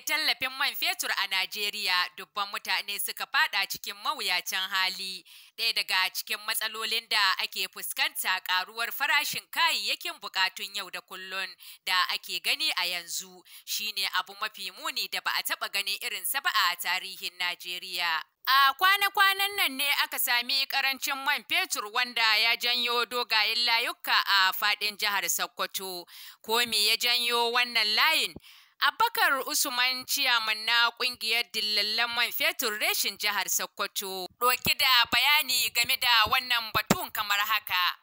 tallafin man fetur a Najeriya dubban mutane suka fada cikin mawuyacin hali. Ɗaya daga cikin matsalolin da ake fuskanta karuwar farashin kayayyakin bukatun yau da kullun da ake gani a yanzu shine abu mafi muni da ba a taɓa gani irinsa ba a tarihin Najeriya. A kwana-kwanan nan ne aka sami karancin man fetur wanda ya janyo dogayen layuka a faɗin jihar Sokoto. Ko me ya janyo wannan layin? Abakar Usman ciyaman na kungiyar dillallan man fetur reshin jihar Sokoto. Doki da bayani game da wannan batun kamar haka.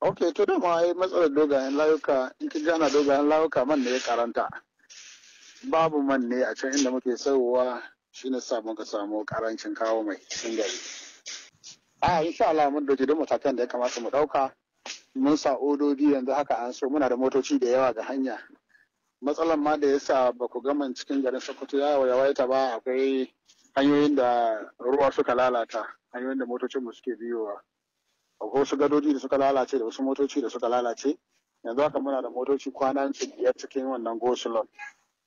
Ok, to da ma matsalar dogayen layuka, in ki gana dogayen layuka man ne ya karanta. Babu man ne a can inda muke sauwa shi ne samun ka samu karancin kawo mai cikin gari. A ah, insha Allah mun doki duk matakan da ya kamata mu ɗauka. Mun sa odoji yanzu haka an so muna da motoci da yawa ga hanya. matsalar ma da ya sa ba ku gama cikin garin sokoto ya yawaita ba akwai hanyoyin da ruwa suka lalata hanyoyin da motocin mu suke biyowa akwai wasu gadoji da suka lalace da wasu motoci da suka lalace yanzu haka muna da motoci kwana biyar cikin wannan gosulon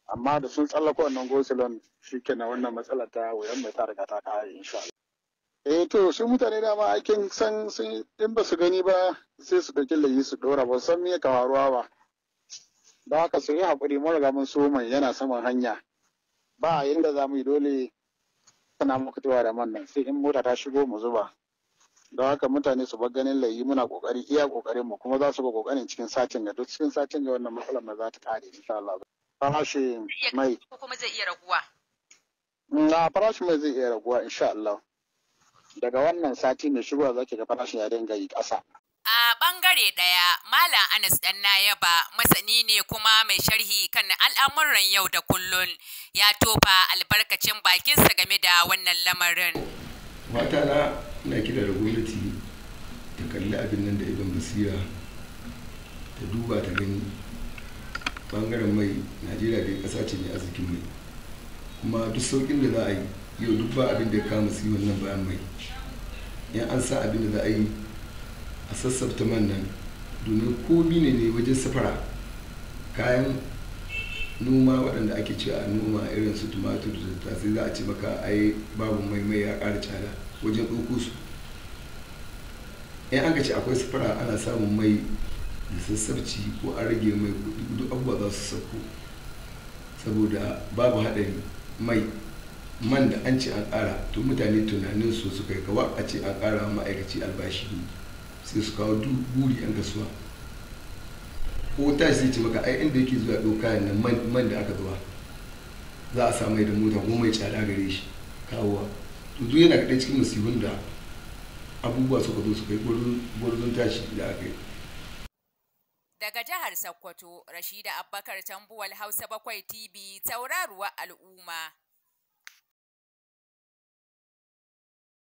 amma da sun tsallaka wannan gosulon shi kenan wannan matsalar ta wuyan mai ta riga ta kare insha Allah eh to su mutane dama aikin san sun in ba su gani ba sai su dauki layi su dora ba san me ka faruwa ba don haka sun yi haƙuri mun riga mun so mai yana saman hanya ba yadda za mu yi dole suna muku tuwa da man nan sai in mota ta shigo mu zuba don haka mutane su bar ganin layi muna kokari iya kokarin mu kuma za su ga kokarin cikin satin ga duk cikin satin ga wannan matsalar ma za ta kare insha Allah farashin mai kuma zai iya raguwa na farashin mai zai iya raguwa insha Allah daga wannan sati mai shigowa zaki ga farashin ya dinga yi ƙasa A ɓangare ɗaya, Malam Anas ɗan yaba masani ne kuma mai sharhi kan al'amuran yau da kullun ya tofa albarkacin bakinsa game da wannan lamarin. Wata na na kira da gwamnati ta kalli abin nan da idan basira ta duba ta gani ɓangaren mai Najeriya da ƙasa ce mai arzikin mai. Kuma duk sauƙin da za a yi yau duk ba abin da ya kama siyon wannan bayan mai. Yan an sa abin da za a yi a sassafta man nan domin ko ne ne wajen safara kayan noma waɗanda ake ce a noma irin su tumatur da ta sai za a ce maka ai babu maimai ya ƙara cala wajen ɗauko su in an ce akwai safara ana samun mai da sassabci ko an rage mai kuɗi duk abubuwa za su sauko saboda babu haɗari mai man da an ce an ƙara to mutane tunanin su suka yi kawa a ce an ƙara ma'aikaci albashi ne sai su kawo duk buri yan kasuwa ko ta shi ce maka ai inda yake zuwa ɗauka kayan nan man da aka zuwa za a samu da mota ko mai tsada gare shi kawowa to yana kaɗai cikin musibin da abubuwa suka zo su kai gwarzon tashi da aka yi daga jihar Sokoto, Rashida Abbakar Tambuwal Hausa Bakwai TV, tauraruwa al'umma.